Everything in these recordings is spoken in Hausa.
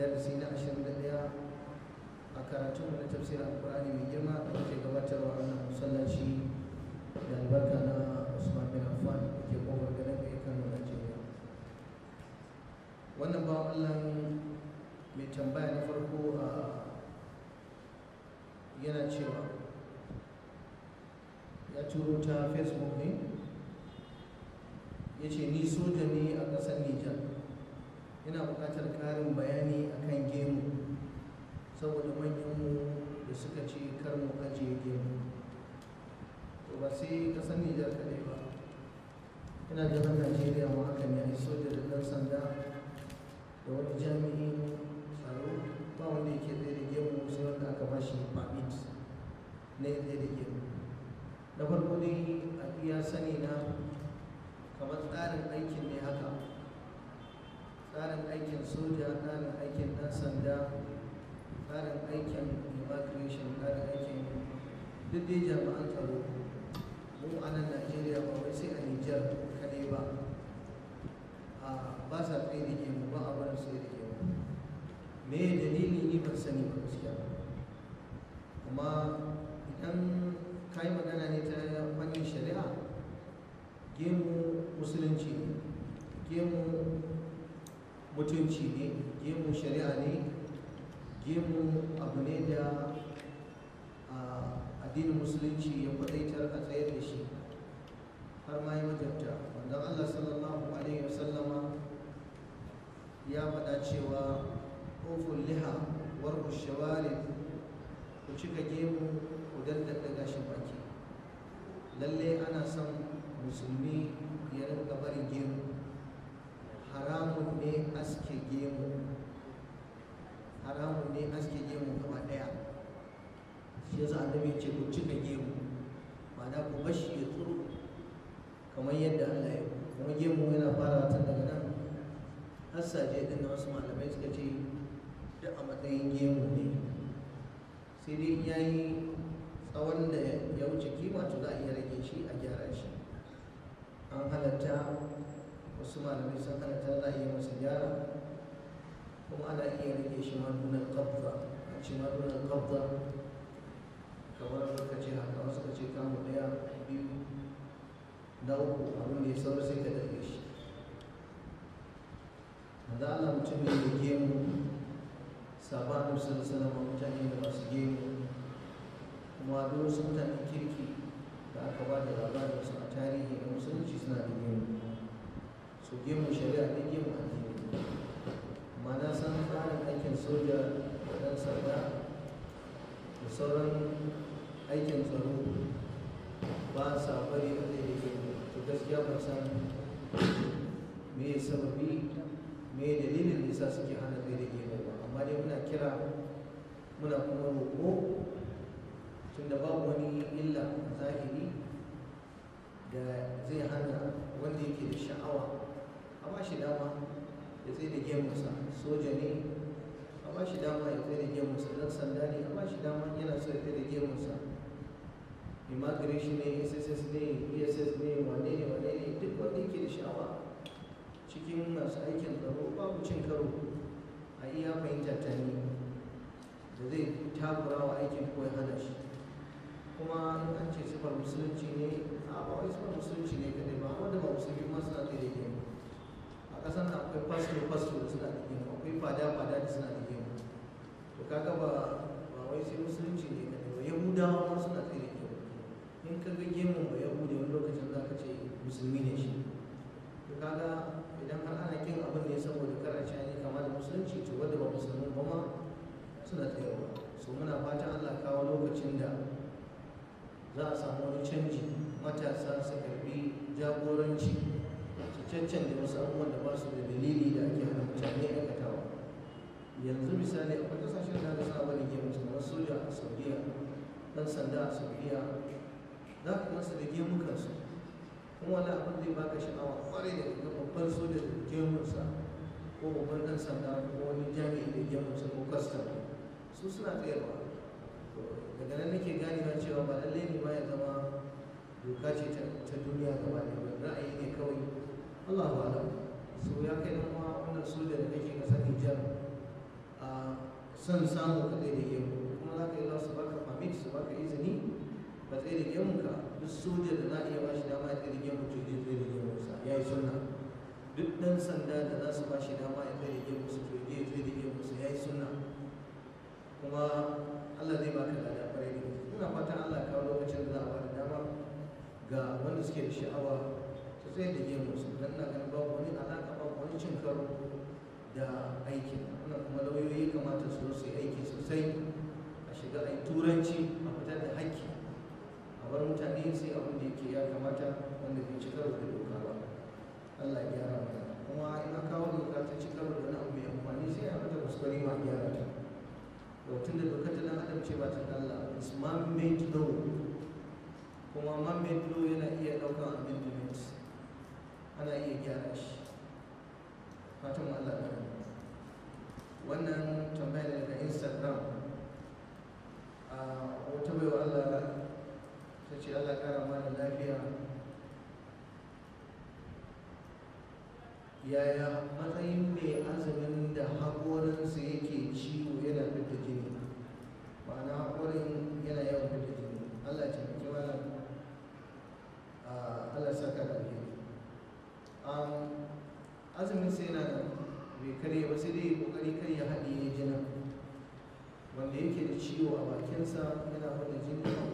darasi na ashirin da ɗaya a karatun na tafsirin alkur'ani mai girma da muke gabatarwa a musallaci masallaci da albarka na usman bin affan da ke kofar ganin mai kano najeriya wannan bawan allah mai tambaya na farko a yana cewa ya turo ta facebook ne ya ce ni soja ne a ƙasar nijar yana buƙatar karin bayani akan gemu saboda manyanmu da suka ce kar mu ajiye gemu to ba sai sani da kaɗai ba ina jihar najeriya ma haka ne a soja da ɗan sanda da wani jami'i tsaro ba wanda yake tsaye da gemu sai wanda aka ba shi permit na yadda da gemu na farko dai a iya sani na kamar tsarin aikin ne haka tsarin aikin soja tsarin aikin ɗan sanda tsarin aikin immigration tsarin aikin duk dai jami'an tsaro mu a nan najeriya ba wai sai a nijar kadai ba A ba sa kai da gemu ba a barin sai da gemu me dalili ni ban sani ba gaskiya Kuma idan ka yi magana ne ta fannin shari'a gemu musulunci gemu mutunci ne gemu shari'a ne gemu abu ne da addinin musulunci ya kwadaitar a tsayar da shi har ma yi wajabta wanda allah sallallahu alaihi wasallama ya faɗa cewa ofin liha warku shawarin ku cika gemu ku daddaɗa gashin baki lalle ana son musulmi ya rinka barin gemu haramun ne aske gemu haramun ne aske gemu gaba ɗaya shi yasa annabi ce ku cika gemu ma'ana ku bashi ya tsuru kamar yadda Allah ya kuma gemu yana fara tun daga nan hassaje din na wasu malamai suka ce da a matsayin gemu ne sai dai ya yi tsawon da ya wuce kima to za a iya rage shi a gyara shi an halatta wasu malamai sun hana ta ana iya masa gyara kuma ana iya rage shi ma nuna kabda a ce ma nuna kabda kamar suka ce haka wasu ka ce kamu ɗaya biyu na uku abin da ya sauri sai ka dage shi da Allah mutum ne da gemu sabanin salama mutane da masu gemu kuma duk sun mutanen kirki da aka ba da labarin su a tarihi da musulunci suna da gemu su gina shari'a da gemun hannu. amma na san tsarin aikin soja da ɗan sanda da sauran aikin tsaro ba sa bari a zai da to gaskiya ba san me sababi me dalilin da sa suke hana zai da gemun ba amma dai muna kira muna kuma roƙo tunda babu wani illa zahiri da zai hana wanda yake da sha'awa a shi dama ya zai da gemunsa soja ne a shi dama ya zai da gemunsa zan sanda ne a shi dama yana so ya tsaye da gemunsa immigration ne sss ne ess ne wane ne wane ne duk wanda yake da sha'awa cikin masu aikin tsaro babu cin karo a iya fahimta ta ne da zai takura wa aikin ko ya hana shi kuma in an ce sifar musulunci ne a ba wai sifar musulunci ne kadai ba wanda ba musulmi masu na da yake kasan na akwai fasto fasto da suna da gemu akwai fada fada da suna da gemu to kaga ba ba wai sai musulunci ne ka ba yahudawa ma suna tsaye da gemu in ka ga gemun ba yahudi wani lokacin za ka ce musulmi ne shi to kaga idan har ana kin abin ne saboda kar a ne kama da musulunci to wanda ba musulmi ba ma suna ba, so muna fata Allah kawo lokacin da za a samu wani canji matasa su karbi jagoranci da wasu abubuwan da ba su da dalili da ake hana mutane aikatawa yanzu misali a wata sashen da aka saba da gemu kamar soja a saudiya dan sanda a saudiya za ka gansu da gemukansu kuma wani abin zai baka sha'awa kwarai da ga babban soja da gemunsa ko babban dan sanda ko wani jami'i da gemunsa ko kastam su suna tsayawa daga nan nake ganewa cewa ba lallai ne ma ya zama doka ce ta duniya gaba ɗaya ra'ayi ne kawai Allah ba nan so ya kai dan uwa wannan soja da nake kasar Nijar a san samu ka tsaye da gemu kuma za ka yi su baka permit su baka izini ka tsaye da gemun ka duk soja da za a iya ba shi dama ya tsaye da gemun to je tsaye da gemun sa ya yi sunna duk dan sanda da za su ba shi dama ya tsaye da gemun sa to je tsaye da gemun sa ya yi sunna kuma Allah zai baka lada kwarai da ina fatan Allah ya kawo lokacin da za a ba da dama ga wanda suke da sha'awa zai da gemu wasu don na ganin babu wani alaƙa babu wani cin karo da aikin na kuma lauyoyi kamata su su yi aiki sosai a shiga a turanci a fitar da haƙƙi a bar mutane sai abin da yake ya kamata wanda bai ci karo da doka ba Allah ya gyara mana kuma in aka kawo doka ta ci karo da wani abu mai amfani sai a mata kuskure ma gyara ta tun da doka ta dan adam ce ba ta Allah is man made law kuma man made law yana iya ɗaukar amendments ana iya gyara shi fatan Allah ya wannan tambayar daga instagram a wata baiwa Allah ta ce Allah kara mana lafiya yaya matsayin mai azumin da haƙorinsa yake ciwo yana fita jini ma'ana haƙorin Kare ba sai dai kokari kare ya haɗe jina wanda yake da ciwo a bakinsa yana bada jini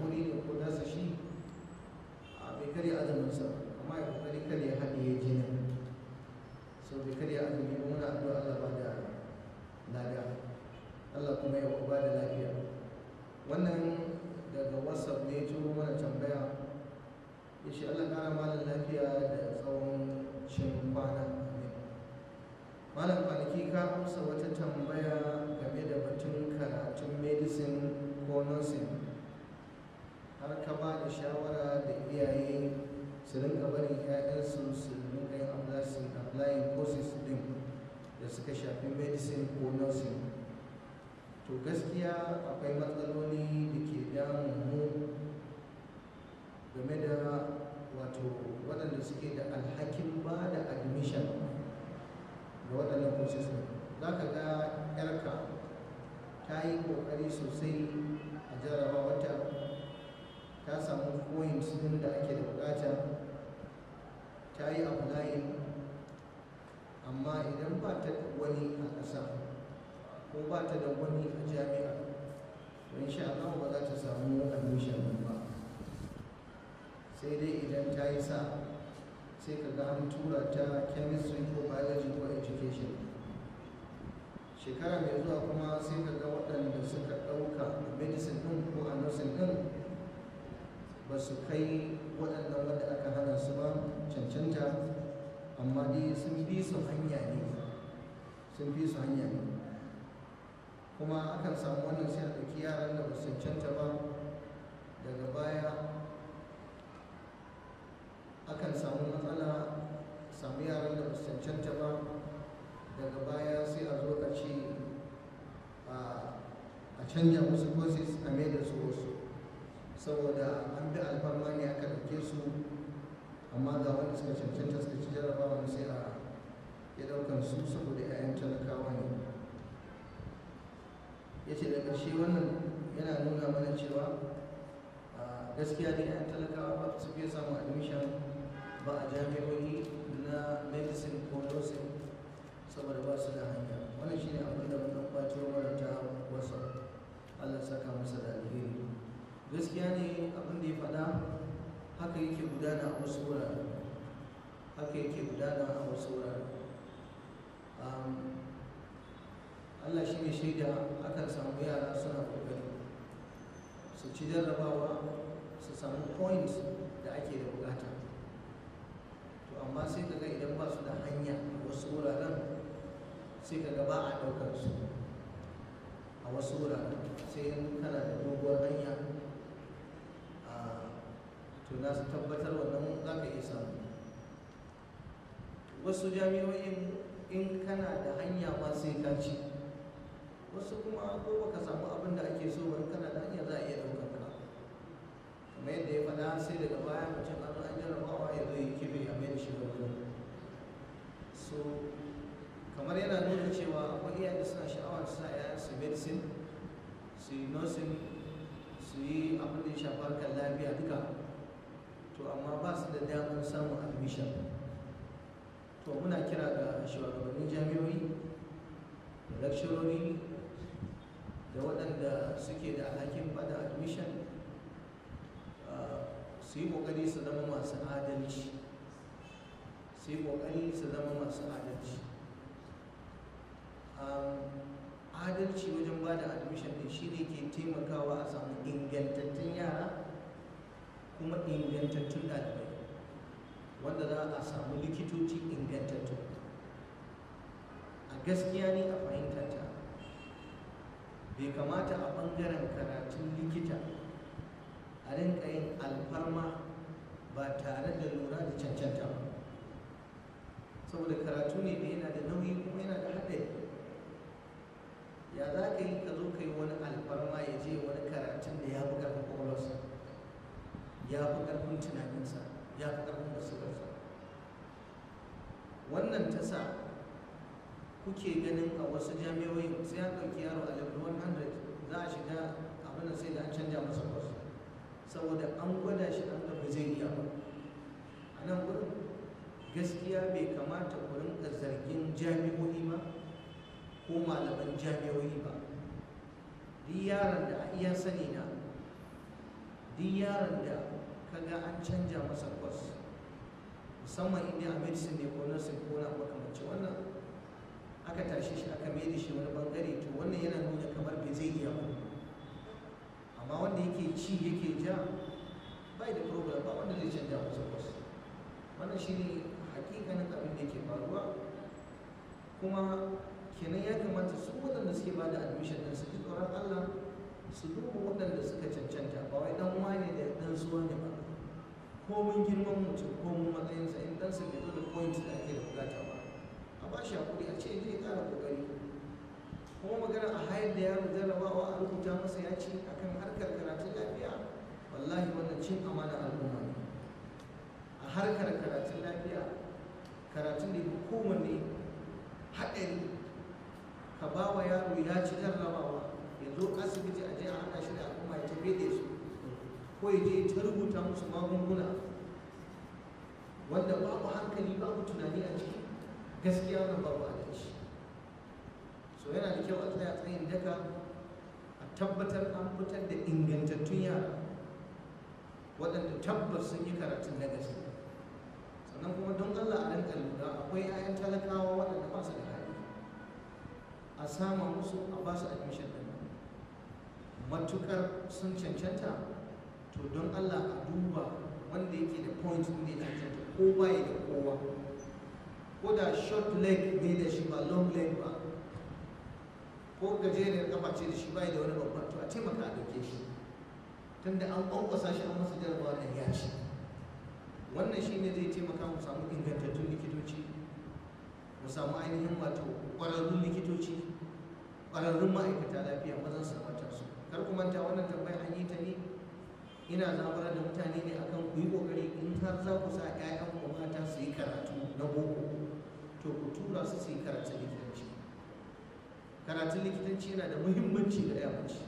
ba su kai waɗannan wanda aka hana su ba cancanta amma dai sun bi su hanya ne sun bi su hanya ne kuma akan samu wannan sai a ɗauki yaran da ba su cancanta ba daga baya akan samu matsala samu yaran da ba su cancanta ba daga baya sai a zo a ce a canja musu ko sai su kame da su wasu saboda an bi alfarma ne aka ɗauke su amma ga wanda suka cancanta suka ci jarabawa sai a ya ɗaukar su saboda 'ya'yan talakawa ne ya ce da ƙarshe wannan yana nuna mana cewa gaskiya da 'ya'yan talakawa ba su fiye samun admission ba a jami'o'i na medicine ko nursing saboda ba su da hanya wannan shine abin da muka kwace mara ta wasa Allah saka masa da alheri gaskiya ne abin da ya faɗa haka yake gudana a wasu wurare haka yake gudana a wasu wurare Allah shi ne shaida akan samu yara suna kokari su ci jarrabawa su samu point da ake da bukata to amma sai kaga idan basu da hanya a wasu wuraren sai kaga ba a ɗaukar su a wasu wuraren sai kana da doguwar hanya Tuna su tabbatar wannan za ka iya samu wasu jami'o'in in kana da hanya ma sai ka wasu kuma ko baka samu abin da ake so ba kana da hanya za a iya ɗaukar ka kamar yadda ya faɗa sai daga baya mutum an an jarrabawa ya zo yi kebe a mai da shi wajen so kamar yana nuna cewa akwai yadda da suna sha'awar sa yaya su medicine su yi nursing su yi abin da ya shafa harkar lafiya duka to amma ba su da damar samun admission to muna kira ga shugabannin jami'oi da lakshirori da waɗanda suke da alhakin bada admission su yi ƙoƙari su zama masu adalci su yi ƙoƙari su zama masu adalci adalci wajen bada admission ne shi ne ke taimakawa a samu ingantattun yara kuma ingantattun ɗalibai wanda za a samu likitoci ingantattu a gaskiya ne a fahimtata bai kamata a ɓangaren karatun likita a rinka yin alfarma ba tare da lura da cancanta ba saboda karatu ne da yana da nauyi kuma yana da haɗari ya za ka yi ka zo ka yi wani alfarma ya je wani karatun da ya buƙatar ƙwaƙwalwarsa ya fi ƙarfin tunaninsa ya fi ƙarfin basirarsa wannan ta sa kuke ganin a wasu jami'oyin sai an ɗauki yaro a level 100 za a shiga abin sai da an canja masa kwas saboda an gwada shi an gaba zai iya ba a nan wurin gaskiya bai kamata ku rinka zargin jami'o'i ba ko malaman jami'o'i ba duk yaron da a iya sani na duk yaron da kaga an canja masa kwas musamman inda a medicine ne ko nursing ko na makamanci wannan aka tashe shi aka mai da shi wani bangare to wannan yana nuna kamar bai zai iya ba amma wanda yake ci yake ja bai da program ba wanda zai canja masa kwas wannan shi ne hakikanin abin da yake faruwa kuma kenan ya kamata su waɗanda suke ba da admission ɗin su ji tsoron allah su duba waɗanda suka cancanta ba wai ɗan wane da ɗan zuwa ne ba ko mun girman mutum ko mun matsayinsa in ɗansa bai zo da point da ake da bukata ba a ba shi hakuri a ce zai ƙara ƙoƙari kuma magana a hayar da yaro jarabawa a rubuta masa ya ce akan harkar karatun lafiya wallahi wannan cin amana al'umma ne a harkar karatun lafiya karatun da ne haɗari ka ba wa yaro ya ci jarrabawa ya zo asibiti a je a haɗa shi da al'umma ya tafi da su ko ya je ta rubuta musu magunguna wanda babu hankali babu tunani a ciki gaskiya na babu adalci so yana da kyau a tsaya tsayin daka a tabbatar an fitar da ingantattun yara waɗanda tabbas sun yi karatun na gaskiya sannan kuma don allah a rinka lura akwai 'ya'yan talakawa waɗanda ba su da hali a sama musu a ba su admission ɗin matukar sun cancanta to don Allah a duba wanda yake da point ne a ko ba ya da kowa ko da short leg ne da shi ba long leg ba ko gajeriyar kafa ce da shi ba ya da wani babban to a taimaka a dauke shi tunda an kwankwasa shi an masa jarabawa da ya ci wannan shi ne zai taimaka mu samu ingantattun likitoci mu samu ainihin wato kwararrun likitoci kwararrun ma'aikata lafiya mazan su kar ku manta wannan tambayar an yi ta ne ina zaburar da mutane ne akan ku yi kokari in har za ku sa ƴaƴan ku mata su yi karatu na boko to ku tura su su yi karatun likitanci karatun likitanci yana da muhimmanci ga ƴa mace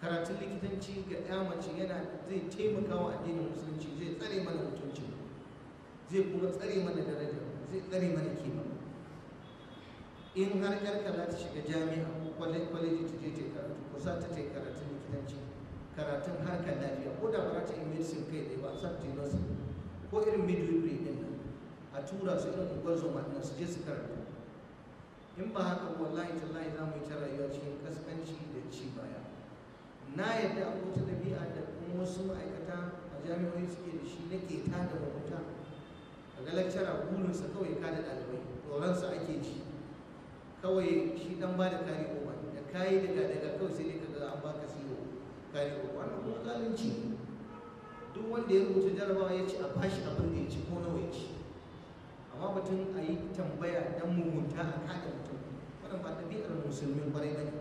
karatun likitanci ga ƴa mace yana zai taimaka wa addinin musulunci zai tsare mana mutunci zai kuma tsare mana daraja zai tsare mana kima in har ƴarka za ta shiga jami'a ko kwaleji ta je ta karatu ku sa ta ta karatun likitanci karatun harkar lafiya ko da ba ta medicine kai tsaye ba san nursing ko irin midwifery din nan a tura su irin unguwar zoma nan su je su karatu in ba haka wallahi tallahi za mu yi ta rayuwa cikin kaskanci da ci baya na yadda a ɗabi'a da kuma wasu ma'aikata a jami'o'i suke da shi nake ta da mabuta a ga lakcara burinsa kawai ka da ɗalibai tsoronsa ake ji kawai shi ɗan ba da kari ba, da kayi daga daga kawai sai ne ka ga an baka sai gane ko wannan kuma zalunci duk wanda ya rubuta jarabawa ya ci a bashi abin da ya ci ko nawa ya ci amma batun a yi tambaya dan mugunta a kada mutum wannan ba ɗabi'ar musulmi kwarai ba ne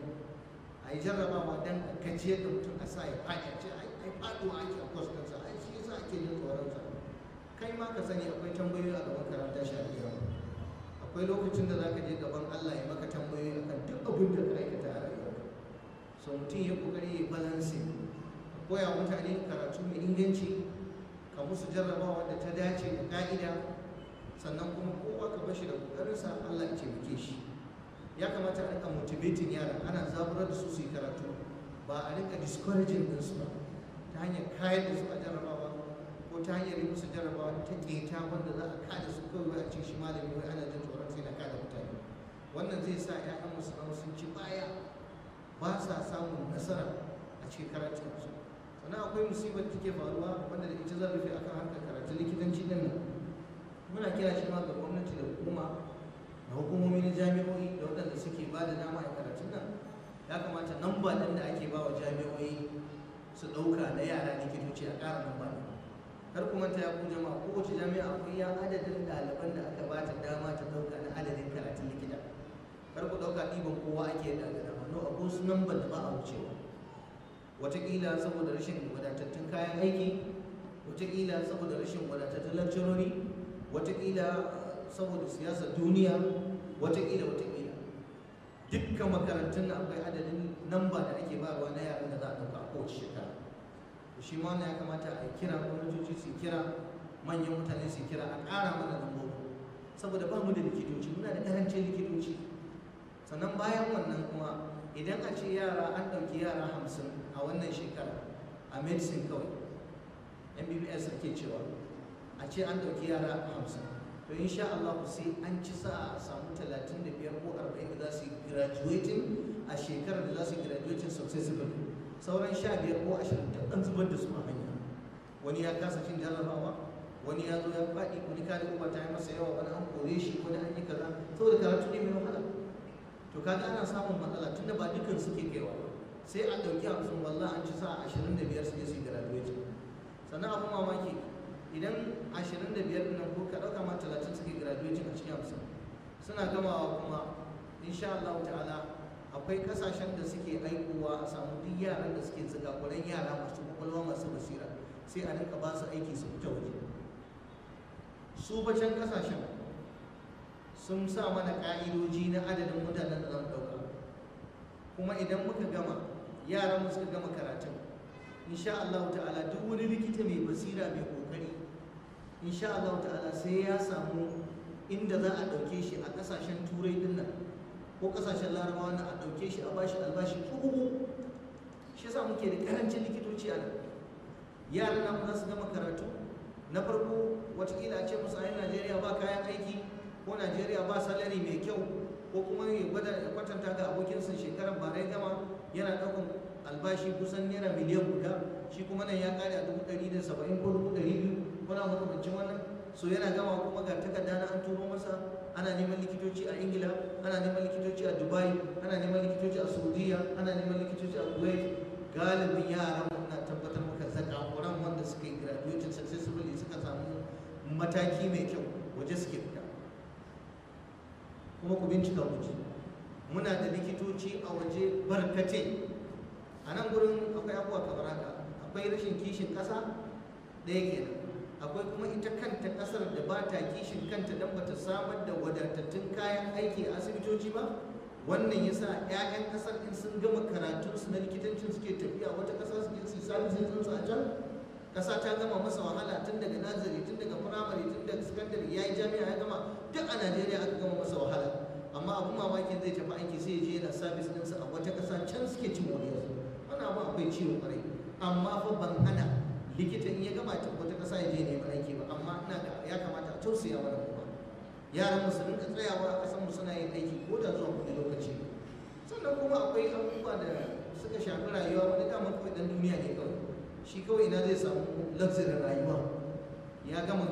a yi jarrabawa don a gajiyar da mutum a sa ya faɗi a ce ai faɗuwa ake a kwas kansa ai shi yasa ake jin tsoron sa kai ma ka sani akwai tambayoyi a gaban karanta shi a akwai lokacin da za ka je gaban Allah ya maka tambayoyi akan duk abin da ka aikata a so mutum ya kokari ya balance koya mutane karatu mai inganci ka musu jarrabawa da ta dace da ka'ida sannan kuma kowa ka bashi da kokarinsa Allah ya taimake shi ya kamata a rika motivating yara ana zaburar da su su yi karatu ba a rika discouraging din su ba ta hanyar kayan da su a jarrabawa ko ta hanyar musu jarrabawa ta keta wanda za a kada su kawai a ce shi malami wai ana jin tsoron sai na kada mutane wannan zai sa 'ya'yan musu sun ci baya ba sa samun nasara a cikin karatunsu sannan akwai musibar da take faruwa wanda da ita zan rufe akan harkar karatun likitanci din nan muna kira shi ma ga gwamnati da hukuma da hukumomi na jami'o'i da waɗanda suke ba da dama a karatun nan ya kamata nan ba ɗin da ake ba wa jami'o'i su ɗauka na yara likitoci a ƙara ba ɗin har kuma ta ya jama'a kowace jami'a akwai ya adadin ɗaliban da aka ba ta dama ta ɗauka na adadin karatun likitanci? kar ku ɗauka ɗiban kowa ake da da dama no akwai sunan ban da ba a ba. wataƙila saboda rashin wadatattun kayan aiki wataƙila saboda rashin wadatattun lakcurori wataƙila eh, saboda siyasar duniya wataƙila wataƙila dukkan makarantun na akwai adadin namba da ake bayarwa na yaran da za a ɗauka a kowace shekara shi ma ya kamata a kira gwamnatoci su kira manyan mutane su kira a ƙara mana lambobi saboda ba mu da likitoci muna da ƙarancin likitoci sannan bayan wannan kuma idan a ce yara an ɗauki yara hamsin a wannan shekara a medicine kawai mbbs ke cewa a ce an ɗauki yara hamsin to sha Allah ku sai an ci sa'a a samu talatin da biyar ko arba'in da za su graduating a shekarar da za su yi graduating successfully sauran sha biyar ko ashirin da ɗan zubar da su a hanya wani ya kasa cin jarrabawa wani ya zo ya faɗi wani kare kuma ta yi masa yawa wani an kore shi wani an yi kaza saboda karatu ne mai wahala to kaga ana samun matsala tunda ba dukan suke kaiwa sai a ɗauki hamsin walla an ci sa ashirin da biyar suke su graduate sannan abin mamaki idan ashirin da biyar nan ko ka ɗauka ma talatin suke graduate a cikin hamsin suna gamawa kuma insha Allah ta'ala akwai kasashen da suke aikowa a samu duk yaran da suke zagaguren yara masu kwakwalwa masu basira sai a rinka ba su aiki su fita waje su bacan kasashen sun sa mana ƙa'idoji na adadin mutanen da za mu ɗauka kuma idan muka gama yaran suka gama karatun insha Allah ta'ala duk wani likita mai basira mai kokari insha Allah ta'ala sai ya samu inda za a ɗauke shi a ƙasashen turai din nan ko ƙasashen larabawa na a ɗauke shi a bashi albashi kuku shi yasa muke da karancin likitoci a nan yaran namu za su gama karatu na farko watakila a ce musu a Najeriya ba kayan aiki ko najeriya ba salari mai kyau ko kuma ya kwatanta ga abokinsa shekarar bara na gama yana ɗaukan albashi kusan naira miliyan guda shi kuma nan ya kare a dubu ɗari da saba'in ko dubu ɗari biyu kuna makamancin wannan so yana gama kuma ga takarda na an turo masa ana neman likitoci a ingila ana neman likitoci a dubai ana neman likitoci a saudiya ana neman likitoci a kuwait galibin yara na tabbatar maka wuran wanda suka yi graduation successfully suka samu mataki mai kyau waje suke fita kuma ku bincika ku muna da likitoci a waje barkatai a nan gurin akwai abuwa kamar haka akwai rashin kishin ƙasa ɗaya kenan akwai kuma ita kanta ƙasar da ba ta kishin kanta don ba ta samar da wadatattun kayan aiki a asibitoci ba wannan yasa 'ya'yan ƙasar in sun gama karatunsu na likitancin suke tafiya wata ƙasa suke su sami sun a can kasa ta gama masa wahala tun daga nazari tun daga firamare tun daga sakandare ya yi jami'a ya gama duk a najeriya aka gama masa wahala amma abin mamaki zai tafi aiki sai je yana sabis ɗinsa a wata ƙasa can suke cin moriyar wani abu akwai ciwon ƙwarai amma fa ban hana likita in ya gama wata ƙasa ya je neman aiki ba amma ina ga ya kamata a tausaya mana kuma yaran mu su rinka tsayawa a ƙasar mu suna yin aiki ko da zuwa kuɗi lokaci sannan kuma akwai abubuwa da suka shafi rayuwa wani damar kawai ɗan duniya ne kawai shi kawai ina zai samu luxury rayuwa ya gama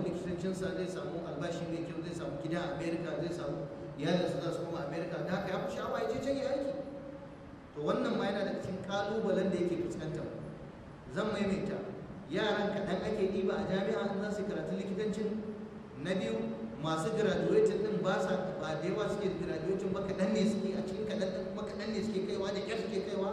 sa zai samu albashi mai kyau zai samu gida a america zai samu su za su koma america da haka ya fi sha'awa ya je can ya aiki to wannan ma yana da cikin kalubalen da yake fuskanta zan maimaita yaran kaɗan ake ɗiba a jami'a an za su karatun likitancin na biyu masu graduating din ba sa ba da yawa suke graduating ba kaɗan ne suke a cikin kaɗan din kuma kaɗan ne suke kaiwa da ƙyar suke kaiwa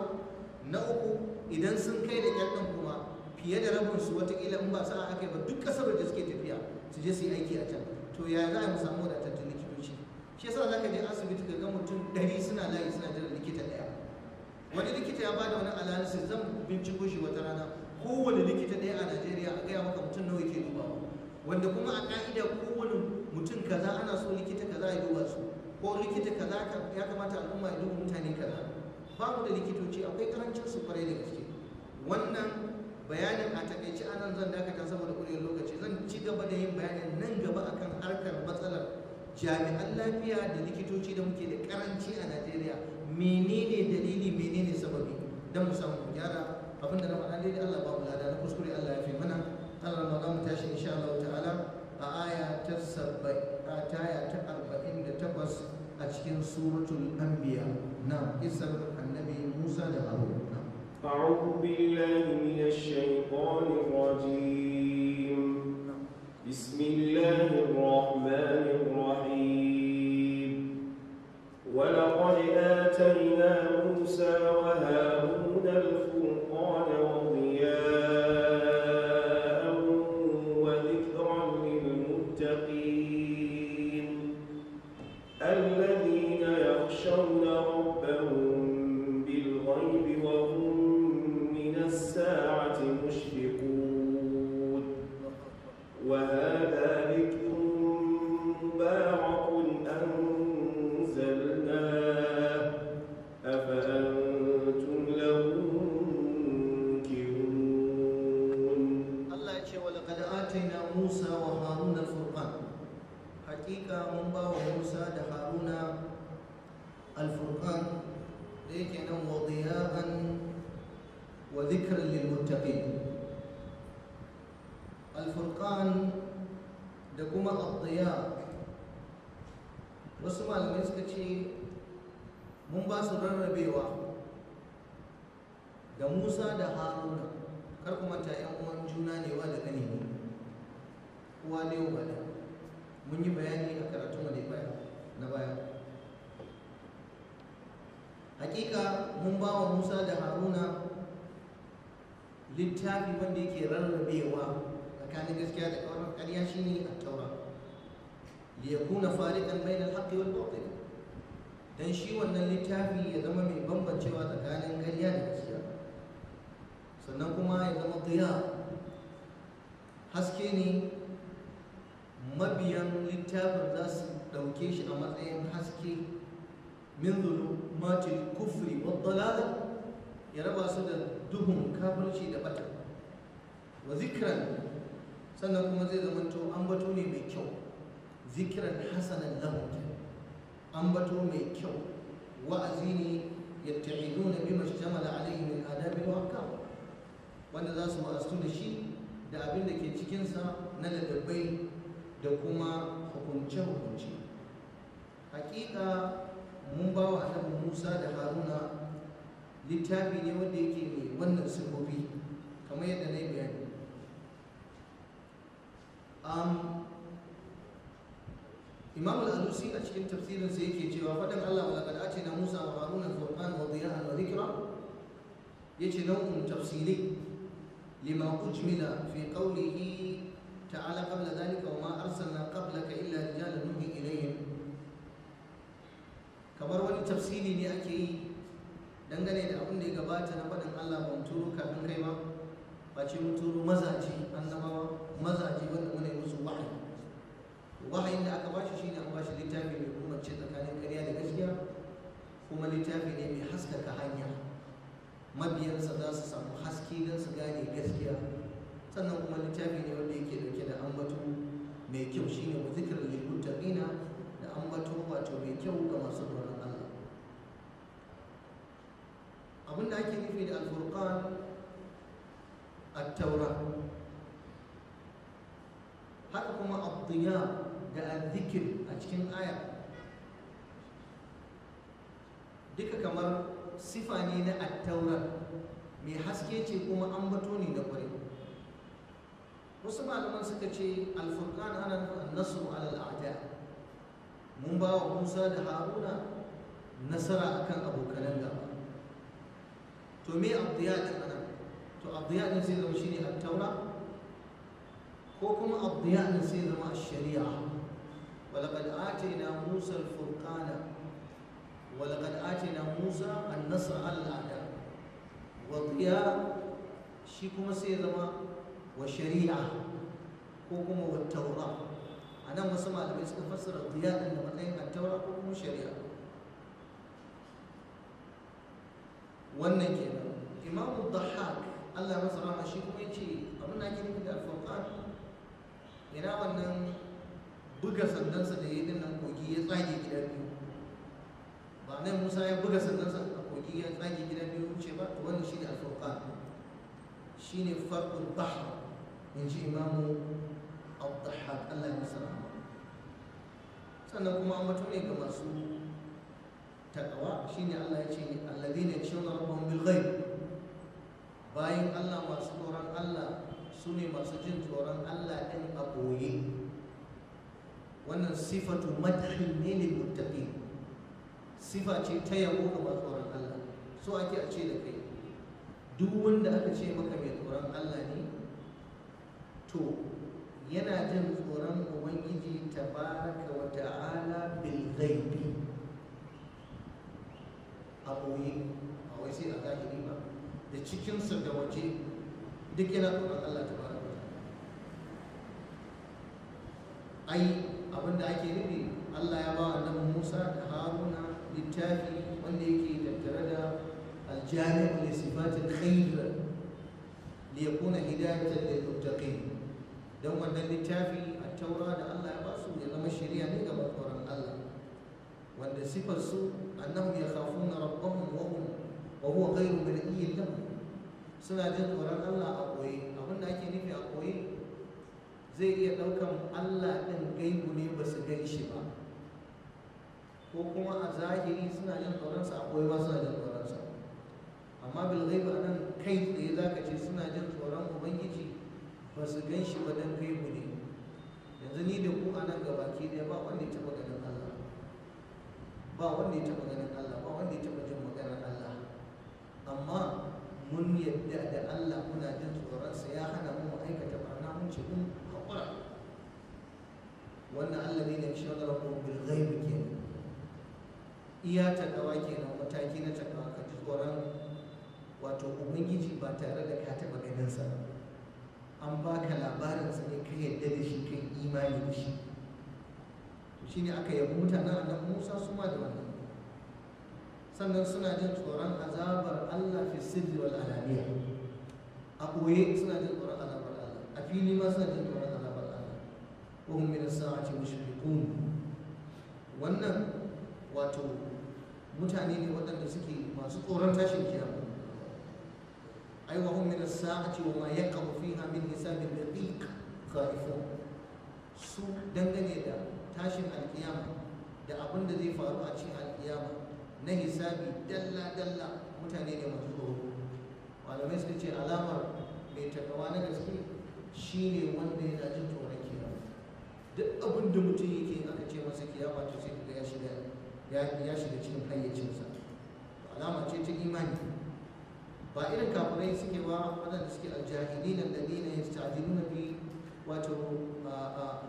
na uku idan sun kai da ƙyar din kuma fiye da rabin su watakila in ba sa aka yi ba duk kasar da suke tafiya su je su yi aiki a can to yaya za a mu samu tattalin likitoci shi yasa za ka je asibiti ka ga mutum ɗari suna layi suna jiran likita ɗaya wani likita ya bada wani alansi zan binciko shi wata rana kowane likita ɗaya a najeriya a gaya maka mutum nawa yake dubawa wanda kuma a ƙa'ida kowane mutum kaza ana so likita kaza ya duba su ko likita kaza ya kamata al'umma ya duba mutane kaza ba mu da likitoci akwai karancin su kwarai da gaske wannan bayanin a takaice anan zan dakata saboda kuriyar lokaci zan ci gaba da yin bayanin nan gaba akan harkar matsalar jami'an lafiya da likitoci da muke da karanci a najeriya menene dalili menene sababi don mu samu gyara abin da na faɗa daidai allah babu lada na kuskure allah ya fi mana allah mu tashi insha allah ta'ala a aya ta taya ta arba'in da takwas a cikin suratul anbiya na isar annabi musa da haruna أعوذ بالله من الشيطان الرجيم بسم الله الرحمن الرحيم ولقد آتينا موسى وهارون الفرقان وهارون hakika mun ba wa musa da haruna littafi wanda yake rarrabewa tsakanin gaskiya da ƙaunar ƙarya shi ne a taura liyakuna fariƙan bainal haqqi wal batil dan shi wannan littafi ya zama mai bambancewa tsakanin karya da gaskiya sannan kuma ya zama qiya haske ne mabiyan littafin za su ɗauke shi a matsayin haske min zulu Mati kufri wad dalal ya raba su da duhun kafirci da bata wa zikran sannan kuma zai zamanto ambato ne mai kyau zikiran hasanan lahum ambato mai kyau wa'azi ne yatta'iduna bima shtamala alayhi min adabi wa ahkam wanda za su wa'astu da shi da abin da ke cikinsa na ladabai da kuma hukunce-hukunce hakika mun ba wa annabi musa da haruna littafi ne wanda yake mai wannan sifofi kamar yadda na yi bayani imam al-alusi a cikin tafsirinsa yake cewa faɗin allah wa a ce na musa wa haruna furqan wa a wa Ya yace nau'un tafsiri lima ujmila fi qawlihi ta'ala qabla dhalika wa ma arsalna ka illa rijalan nuhi ilayhim kamar wani tafsiri ne ake yi dangane da abin da ya gabata na faɗin Allah ban turo kafin kai ba face mun turo mazaje zama mazaje wanda muna yi musu wahayi wahayin da aka bashi shine an bashi littafi mai umarci tsakanin ƙarya da gaskiya kuma littafi ne mai haskaka hanya mabiyansa za su samu haske don su gane gaskiya sannan kuma littafi ne wanda yake dauke da ambatu mai kyau shine wa zikr da ambato wato mai kyau ga masu tsoron Allah abin da ake nufi da alfurkan? at-taura haka kuma abdiya da azzikir a cikin aya duka kamar sifa ne na at mai haske ce kuma ambato ne da kwarai wasu malaman suka ce alfurkan ana nasu an-nasru mun ba wa musa da haruna nasara akan abokanan gaba to me abdiya din ana to abdiya din sai zama shine at ko kuma abdiya din sai zama shari'a ولقد آتينا Musa an ولقد آتينا موسى النصر على shi kuma sai zama wa Shari'a ko kuma wattaura nan wasu malamai suka fassara diya din da matsayin attaura ko kuma shari'a wannan kenan imamu dhahak Allah masa rama shi kuma yace abin da ake nufi da alfurqan ina wannan buga sandansa da yayin nan kogi ya tsage gida biyu ba nan Musa ya buga sandansa a kogi ya tsage gida biyu wuce ba to wannan shine alfurqan shine farqul bahr in ji imamu الضحاك الله يسلمه sannan kuma ambato ne ga masu takawa shine Allah ya ce alladhina yashuna rabbahum bil ghaib bayan Allah masu tsoron Allah su ne masu jin tsoron Allah ɗin a ɓoye wannan sifatu madahin ne ne muttaqi sifa ce ta yabo ga masu tsoron Allah so ake a ce da kai duk wanda aka ce maka mai tsoron Allah ne to yana jin tsoron ubangiji tabaraka wa ta'ala bil ghaibi a boye a wai sai a zahiri ba da cikinsa da waje duk yana tsoron Allah ta wa ta'ala ai abinda ake nufi Allah ya ba annabi Musa da Haruna littafi wanda yake tattare da aljami'u li sifatil khair li yakuna hidayatan lil muttaqin don wannan littafi a taura da Allah ya basu ya zama shari'a ne gaban tsoron Allah wanda sifar su annahum na rabbahum wa hum wa huwa ghayru mar'iyyin lahum suna jin tsoron Allah a koyi abin da ake nufi a koyi zai iya daukan Allah ɗin gaibu ne ba su gani shi ba ko kuma a zahiri suna jin tsoronsa a koyi ba suna jin tsoronsa amma bilgaibu ba nan kai tsaye za ka ce suna jin tsoron ubangiji ba su gan shi ba don gaibu ne yanzu ni da ku a ga gabaki da ba wanda ya taɓa ganin Allah ba wanda ya taɓa ganin Allah ba wanda ya taɓa jin maganar Allah amma mun yadda da Allah muna jin tsoronsa ya hana mu aikata barna mun ce mun haƙura wannan Allah ne da ya da ko bil ghaibi ke iya takawa kenan mataki na takawa ka ji tsoron wato ubangiji ba tare da ka taɓa ganin sa ba an baka labarin sa ne ka yadda da shi kan imani da shi to ne aka yabi mutanen annabi Musa su ma da wannan sannan suna jin tsoron azabar Allah fi sirri wal alaniya a ɓoye suna jin tsoron azabar Allah a fili ma suna jin tsoron azabar Allah wa hum min as-sa'ati mushrikun wannan wato mutane ne waɗanda suke masu tsoron tashin kiyama أي وهم من الساعة وما يقع فيها من حساب دقيق خائفون su dangane da tashin alkiyama da abin da zai faru a cikin alkiyama na hisabi dalla-dalla mutane ne masu tsoro malamai suka ce alamar mai takawa na gaske shi ne wanda ya jin tsoron kiyama duk abin da mutum yake aka ce masa kiyama to sai ya shiga cikin hayyacinsa alama ce ta imani ba irin kafirai suke ba waɗanda suke aljahili nan da nina ya stajilu na bi wato ba.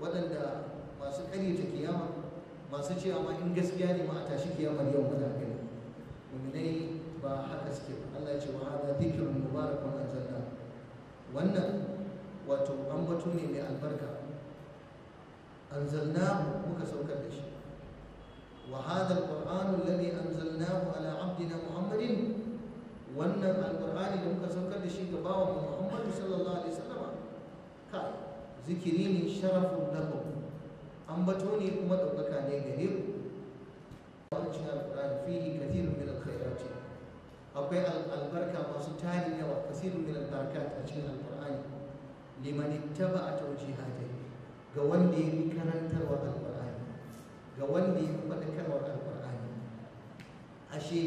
waɗanda masu ta kiyama masu cewa ma in gaskiya ne ma a tashi kiyama yau muna gani muminai ba haka suke ba Allah ya ce wa hada dhikrun mubarakun anzalna wannan wato ambato ne mai albarka anzalna muka saukar da shi وهذا القرآن الذي أنزلناه على عبدنا محمد wannan alkur'ani da muka saukar da shi ga bawan muhammadu sallallahu alaihi wasallam ka zikiri ne sharafun lakum ambato ne kuma ɗaukaka ne gare ku a cikin alkur'ani fihi kathirun min alkhairat akwai albarka masu tarin yawa kathirun min albarkat a ga wanda ya bi karantarwa ga wanda ya faɗi kalmar alƙur'ani ashe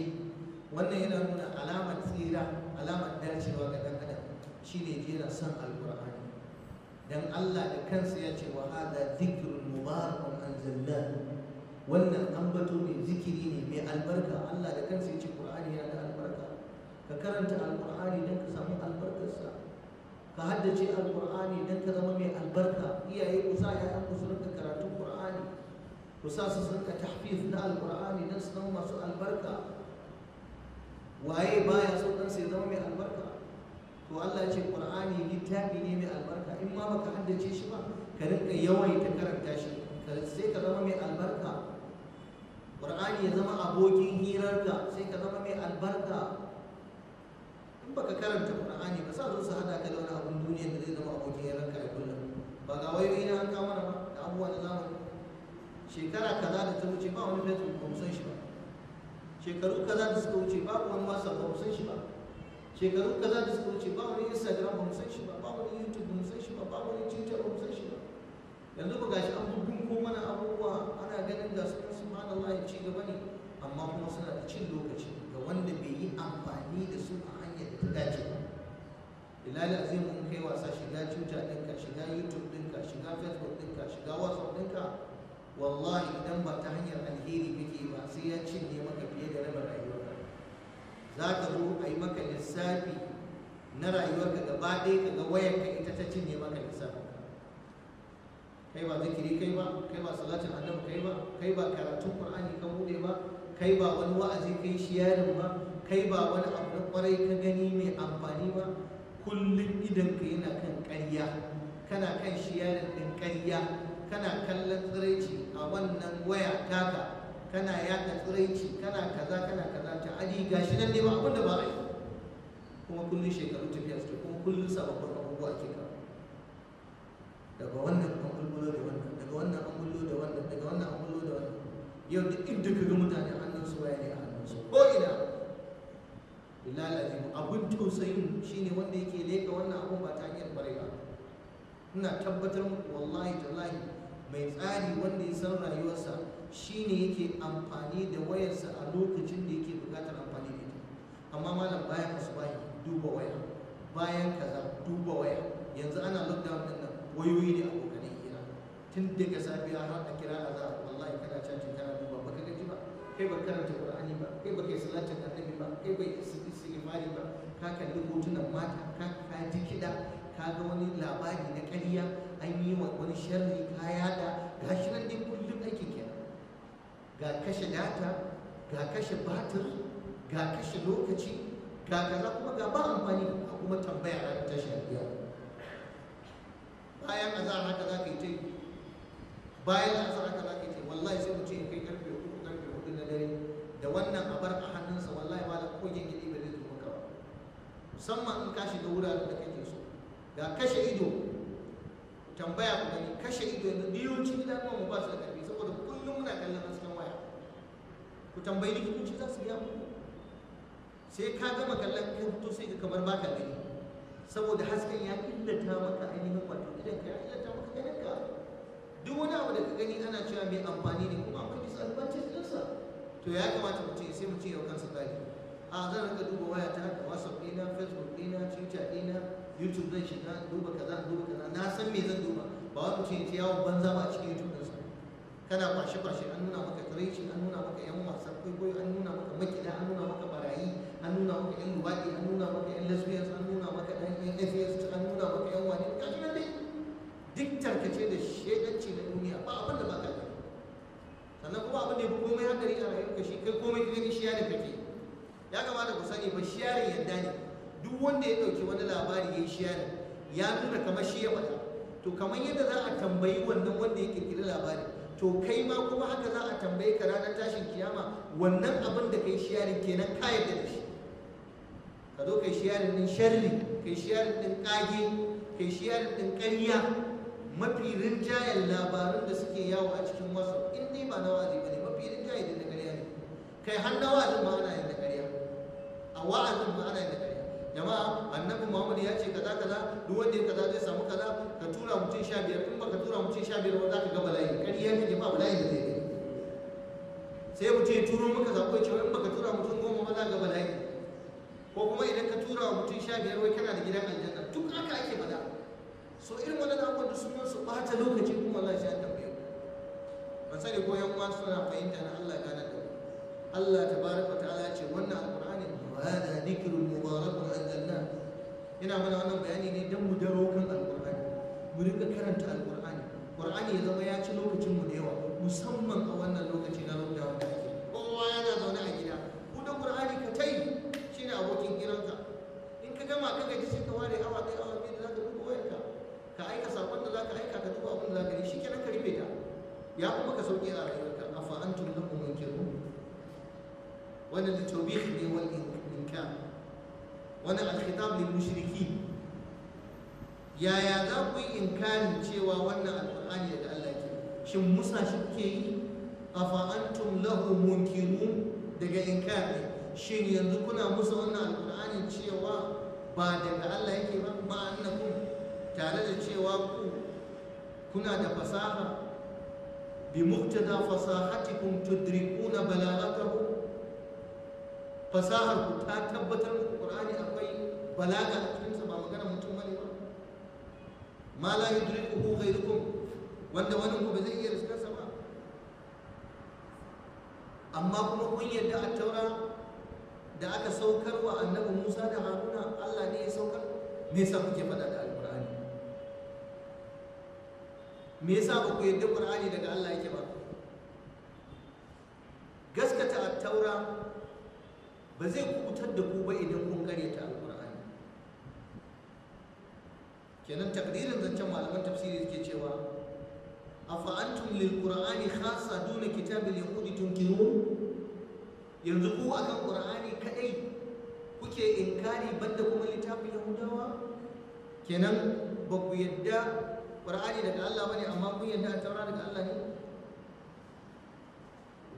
wannan yana nuna alamar tsira alamar dacewa ga ɗan adam shine je na son alƙur'ani dan Allah da kansa ya ce wa hada zikrun mubarakun anzalna wannan ambato mai zikiri ne mai albarka Allah da kansa ya ce Qur'ani yana da albarka ka karanta Alƙur'ani dan ka samu albarkarsa ka haddace Alƙur'ani dan ka zama mai albarka iyaye ku sa ya ku su karatu ku sa su rinka tahfif na alqur'ani dan su zama masu albarka waye baya so ɗan sai zama mai albarka to Allah ya ce qur'ani littafi ne mai albarka in ma baka haddace shi ba ka rinka yawaita karanta shi sai ka zama mai albarka Kur'ani ya zama abokin hirarka sai ka zama mai albarka in baka karanta qur'ani ba sa zo su hada ka da wani abun duniya da zai zama abokin hirarka a kullum ba ga wayoyi ina an kawo mana ba da abubuwa na zamani shekara kaza da ta wuce ba wani facebook ba san shi ba shekaru kaza da suka wuce ba wani whatsapp ba san shi ba shekaru kaza da suka wuce ba wani instagram ba san shi ba ba wani youtube ba san shi ba ba wani twitter ba san shi ba yanzu ba gashi an bugun ko mana abubuwa ana ganin ga sun subhanallah ya ci gaba ne amma kuma suna da cin lokaci ga wanda bai yi amfani da su a hanyar da ta dace ba bilal azim mun kai wasa shiga twitter ɗinka shiga youtube ɗinka shiga facebook ɗinka shiga whatsapp ɗinka wallahi idan ba ta hanyar alheri kake ba sai ya cinye maka fiye da rabin rayuwarka za ka zo a yi maka lissafi na rayuwarka gaba ɗaya ka ga wayarka ita ta cinye maka lissafi kai ba zikiri kai ba kai ba salatin annabi kai ba kai ba karatun qur'ani ka bude ba kai ba wani wa'azi kai yarin ba kai ba wani abu na kwarai ka gani mai amfani ba kullum idan ka yana kan ƙarya kana kan shiyarin ɗin ƙarya kana kallon tsiraici a wannan waya taka kana yada tsiraici kana kaza kana kaza ta aji gashi nan ne ba abin da ba a yi kuma kullum shekaru tafiya suke kuma kullum sababbin abubuwa ke ka daga wannan an bulbulo da wannan daga wannan an bullo da wannan daga wannan an bullo da wannan yau duk inda ka ga mutane hannun su waya ne a hannun su ko ina lalazimu abin tausayin shine wanda yake leka wannan abun ba ta hanyar bare ba ina tabbatar muku wallahi tallahi mai tsari wanda ya san rayuwarsa shine yake amfani da wayarsa a lokacin da yake bukatar amfani da ita amma malam bayan bayi duba waya bayan kaza duba waya yanzu ana lockdown din nan wayoyi ne abokanai hira tun daga safiya har a kira a za wallahi kana cajin kana duba Ba ka gaji ba kai ba karanta qur'ani ba kai ba kai salatin annabi ba kai ba istighfari ba ka kalli hotunan mata ka ka ji ka ga wani labari na ƙarya an yi wa wani sharri kaya da gashi nan dai kullum ake kenan ga kashe data ga kashe batir ga kashe lokaci ga kaza kuma ga ba amfani a kuma tambaya ranar ta yau bayan azahar haka za ka yi ta yi bayan azahar haka za ka yi ta yi wallahi sai mu ce kai karfe uku karfe hudu na dare da wannan abar a hannunsa wallahi ba da kogin gidi ba zai zo maka ba musamman in kashi da wuraren da kake so ga kashe ido tambaya ku gani kashe ido yanzu biyu ci idanuwa mu ba su da karfi saboda kullum muna kallon hasken waya ku tambayi likitoci za su gaya muku sai ka gama kallon ku to sai ka kamar ka gani saboda hasken ya illata maka ainihin wato idan ka ya illata maka ganin ka duk wani abu da ka gani ana cewa mai amfani ne kuma akwai disadvantage ɗinsa to ya kamata mu ce sai mu ce yau kansa gani a zan rika duba waya ta haka whatsapp ɗina facebook ɗina twitter ɗina youtube zan shiga duba kaza duba kaza na san me zan duba ba wai mutum ya yawon banza ba a cikin youtube ɗinsa kana kwashe kwashe an nuna maka kareci, an nuna maka yan wasan kwaikwayo an nuna maka makida an nuna maka barayi an nuna maka yan luwaɗi an nuna maka yan lesbians an nuna maka ɗan yan fs an nuna maka yan wani ka shi dai duk tarkace da shaidanci na duniya ba abin da ba ka gani sannan kuma abin da ya fi komai hankali a ka shi kai komai gani shi ya da kake ya kamata ku sani ba shi yarin yadda ne duk wanda ya ɗauki wani labari ya yi shiyar ya nuna kamar shi ya faɗa to kamar yadda za a tambayi wannan wanda ya kirkiri labari to kai ma kuma haka za a tambaye ka ranar tashin kiyama wannan abin da kai shiyarin kenan ka yarda da shi ka zo kai shiyarin din sharri kai shiyarin din kage kai shiyarin din ƙarya mafi rinjayen labarun da suke yawo a cikin wasu in dai ba na wazi ba ne mafi rinjayen din na ƙarya ne kai har na wazin ma ana yin na ƙarya a wa'azin ma ana yin na ƙarya jama'a annabi muhammad ya ce kaza kaza duk wanda ya kaza zai samu kaza ka tura mutum sha biyar in baka tura mutum sha biyar ka za layi ga iya ƙarya ba jama'a layi ne zai sai mutum ya turo maka zaɓo ya ce in baka tura mutum goma ba za ka ga layi ko kuma idan ka tura mutum sha biyar wai kana da gidan aljanna duk haka ake faɗa so irin wannan abubuwan da sun su ɓata lokaci kuma Allah ya sha tambaye ban sani ko yan uwa suna fahimta na Allah ya gane da mu Allah tabaraka ta'ala ya ce wannan alqur'ani hada dhikrul mubarakun anzalna ina mana wannan bayani ne dan mu dawo kan alqur'ani mu rika karanta alqur'ani qur'ani ya zama ya ci lokacin mu da yawa musamman a wannan lokaci na lockdown da ake kowa yana zaune a gida ku da qur'ani ka tai shine abokin kiranka in ka gama ka gaji sai ka ware awa ɗaya awa biyu da zaka duba wayarka ka aika sakon da zaka aika ka duba abin da zaka yi shikenan ka rufe ta ya kuma ka sauke a rayuwarka afa antum lakum munkirun wani littobih ne wal inka wani alkhitab lil mushriki yaya za ku yi inkarin cewa wannan alqur'ani da Allah ke shin musa shi ke yi afa antum lahu munkinun daga inkari shin yanzu kuna musa wannan alqur'ani cewa ba daga Allah yake ba ma tare da cewa ku kuna da fasaha bi muqtada fasahatikum tudrikuna balagatahu fasahar ku ta tabbatar da ƙur'ani akwai balaga a cikinsa ba magana mutum bane ba ma la yudrikuhu ghayrukum wanda wani ku ba zai iya riskarsa ba amma kuma kun yadda a taura da aka saukar wa annabi Musa da Haruna Allah ne ya saukar me yasa kuke faɗa da alqur'ani me yasa ba ku yadda ƙur'ani daga Allah yake ba gaskata at-taura ba zai kubutar da ku ba idan kun ta alkur'ani kenan takdirin zancen malaman tafsiri ke cewa afa antum lil qur'ani khassa duna kitabil yahudi tunkirun yanzu ku akan qur'ani kadai kuke inkari banda kuma littafin yahudawa kenan ba ku yadda qur'ani daga Allah bane amma kun yadda taura daga Allah ne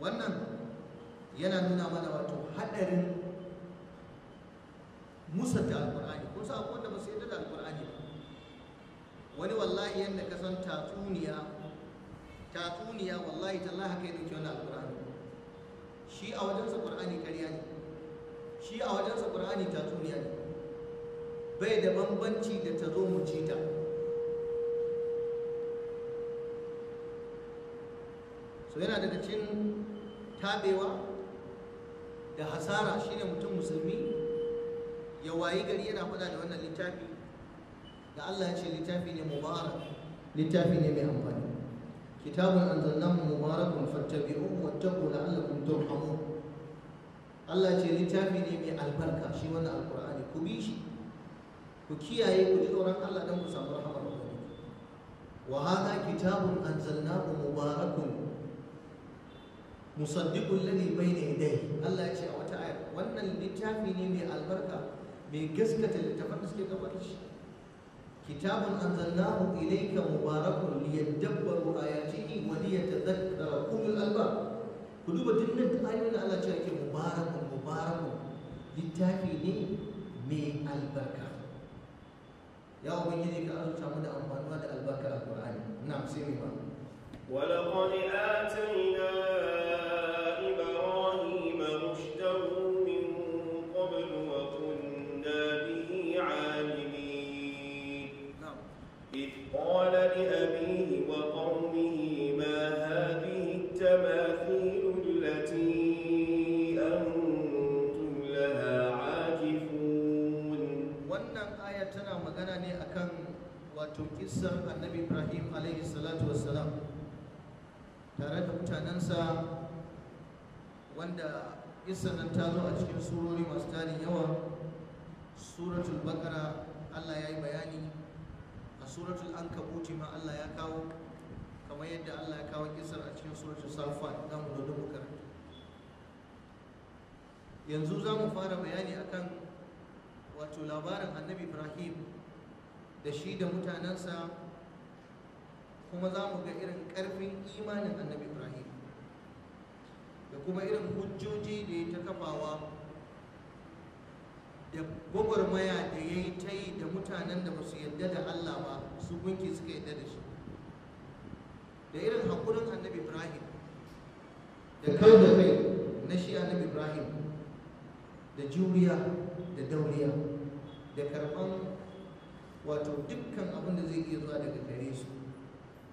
wannan yana nuna mana wato haɗarin musa da alƙur'ani ko sa wanda ba su yadda da alƙur'ani ba wani wallahi yadda ka san tatsuniya tatuniya wallahi talla haka ya dauki wannan alƙur'ani shi a wajensa ƙur'ani ƙarya ne shi a wajensa ƙur'ani tatsuniya ne bai da bambanci da ta zo mu ci ta so yana daga cikin tabewa da hasara shi ne mutum musulmi ya wayi gari yana faɗa da wannan littafi da Allah ya ce littafi ne mubarak littafi ne mai amfani kitabun anzalnahu mubarakun fattabi'uhu wattaqu la'allakum turhamun Allah ce littafi ne mai albarka shi wannan alqur'ani ku bi shi ku kiyaye ku ji tsoron Allah don ku samu rahamar Allah wa hada kitabun anzalnahu mubarakun musaddiqul ladhi bayna yadayhi Allah ya ce a wata ayar wannan littafi ne mai albarka mai gaskata littafin da suke gabata shi kitabun anzalnahu ilayka mubarakun liyadabbaru ayatihi wa liyatadhakkara ulul albab ku duba duk dinnan ayoyin Allah ya ce yake mubarakun mubarakun littafi ne mai albarka ya ubangiji ka azurta mu da amfanuwa da albarkar alqur'ani na sai mai ba ولقد آتينا isa wanda isa nan ta zo a cikin surori masu tarin yawa suratul bakara Allah ya yi bayani a suratul ankabuti ma Allah ya kawo kamar yadda Allah ya kawo kisar a cikin suratul safa za mu zo yanzu za mu fara bayani akan wato labarin annabi ibrahim da shi da mutanensa kuma za mu ga irin karfin imanin annabi ibrahim da kuma irin hujjoji da ta kafawa da gwagwarmaya da ya yi ta yi da mutanen da ba su yarda da Allah ba su gunki suka yarda da shi da irin haƙurin annabi Ibrahim da kai da kai na shi annabi Ibrahim da juriya da dauriya da karɓan wato dukkan abin da zai iya zuwa daga gare su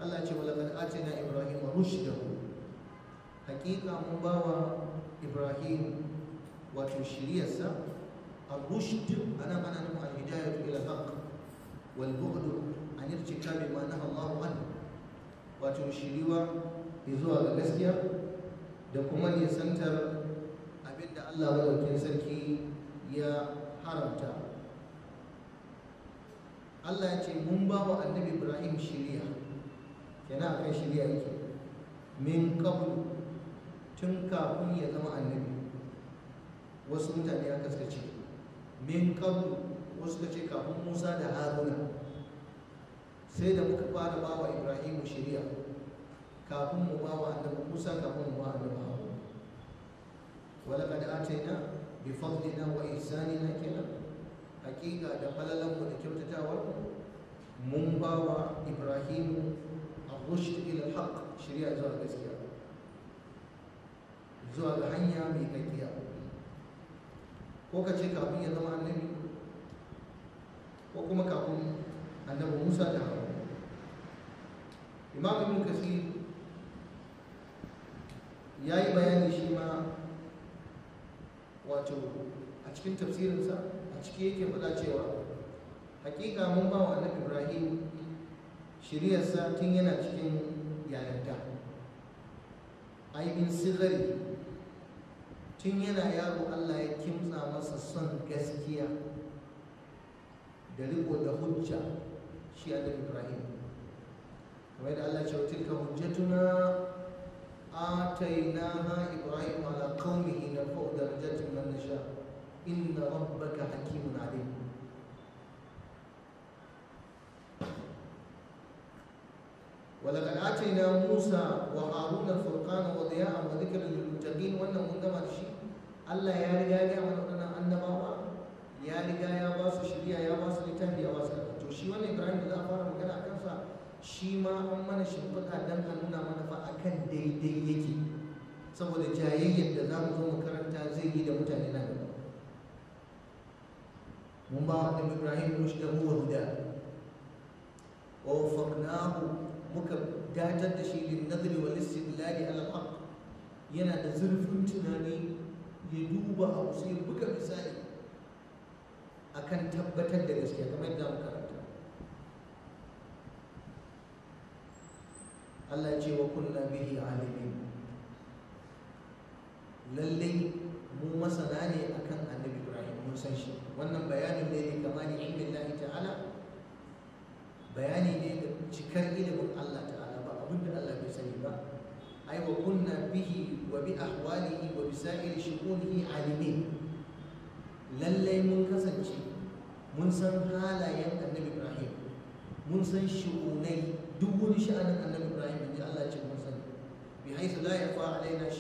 Allah ce wa laqad atina ibrahima rushdahu hakika mumbawa Ibrahim watushiria sa arushd ana maana ni alhidayat ila haq wal bughd an irtikabi ma nahaa Allah an watushiriwa izo ga gaskiya da kuma ne santar abinda Allah ya dauke sarki ya haramta Allah ya ce mun ba annabi Ibrahim shiriya kenan akai shiriya yake min qablu tun kafin ya zama annabi wasu mutane aka suka ce min qablu wasu suka ce kafin Musa da Haruna sai da muka fara bawa Ibrahimu shari'a kafin mu bawa annabi Musa kafin mu bawa annabi Haruna ولقد آتينا بفضلنا وإحساننا كنا da دخل لهم ونكبت تاورهم منبا وإبراهيم الرشد إلى الحق شريعة zuwa gaskiya. zuwa ga hanya mai kakkiya ko ka ce kafin ya zama annabi ko kuma kafin annabi musa da hau imam ibn kasir ya yi bayani shi ma wato a cikin tafsirinsa a ciki yake faɗa cewa hakika mun ba wa annabi ibrahim shiriyarsa tun yana cikin yarinta ainihin sirri. tun yana yaro Allah ya kimsa masa son gaskiya da riko da hujja shi a Ibrahim kamar da Allah ce wa tilka hujjatuna atainaha Ibrahim ala qaumihi narfa'u darajatin man nasha inna rabbaka hakimun alim ولقد آتينا موسى وهارون الفرقان وضياء وذكرا للمتقين وأنه عندما تشيء Allah ya riga ya mana waɗannan annabawa ya riga ya ba su shirya ya ba su littafi ya ba su to shi wannan Ibrahim da za a fara magana a kansa shi ma an mana shimfiɗa dan a nuna mana fa akan daidai yake saboda jayayyar da za mu zo makaranta zai yi da mutane na gaba mun ba wa Ibrahim rushdahu wa huda wa wafaqnahu muka datar da shi lin nadri wal istidlali ala al yana da zurfin tunani ya duba a wasu sai buga misali akan tabbatar da gaskiya kamar yadda muka karanta Allah ce wa kunna bihi alimin lallai mu masana ne akan annabi ibrahim mun san shi wannan bayanin ne ne kamar ilmin lahi ta'ala bayani ne da cikar ilimin allah ta'ala ba abin da allah bai sani ba أي وكنا به وبأحواله وبسائر شؤونه عالمين lallai mun kasance mun san halayen annabi ibrahim mun san shi'unai duk wani sha'anin annabi ibrahim inda allah ce mun sani bi haisu la yafa alaina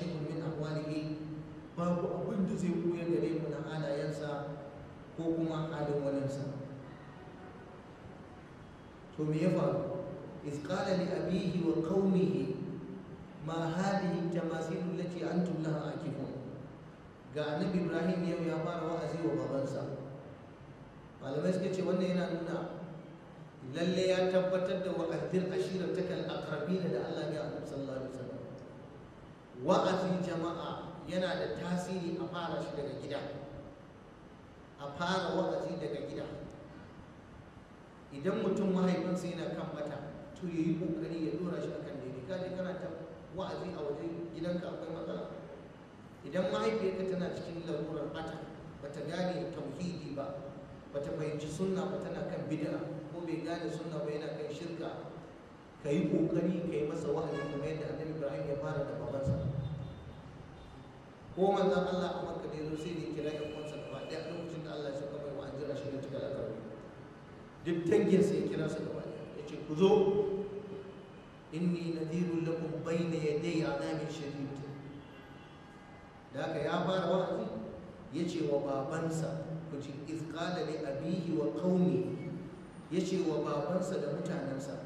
babu abin da zai koya gare mu na halayensa ko kuma halin waninsa to me ya faru iz qala li abihi wa qaumihi ma hadihi tamasilu lati antum laha akifun ga annabi ibrahim yau ya fara wa'azi wa babansa malamai suka ce wannan yana nuna lalle ya tabbatar da wa'azir ashirar ta kan akrabina da allah ya annabi sallallahu alaihi wasallam jama'a yana da tasiri a fara shi daga gida a fara wa'azi daga gida idan mutum mahaifinsa yana kan mata to yi kokari ya dora shi akan daidai kaje kana tabbata wa'azi a wajen gidanka akwai matsala idan mahaifiyarka tana cikin larurar bata bata gane tauhidi ba bata fahimci sunna ba tana kan bid'a ko bai gane suna ba yana kan shirka ka yi kokari ka yi masa wa'azi kamar yadda annabi ibrahim ya fara da babansa ko manzon allah a maka da ya zo sai ne kira ya kwansa gaba ɗaya a lokacin da allah ya saka mai wa'azi rashin da cikin al'akari duk dangin sai ya kira su gaba ɗaya ya ce ku zo inni ne lakum bayna yaday adamin shadid da ya fara wa'azi yace wa babansa kuji iz qala li abihi wa qaumi yace wa babansa da mutanansa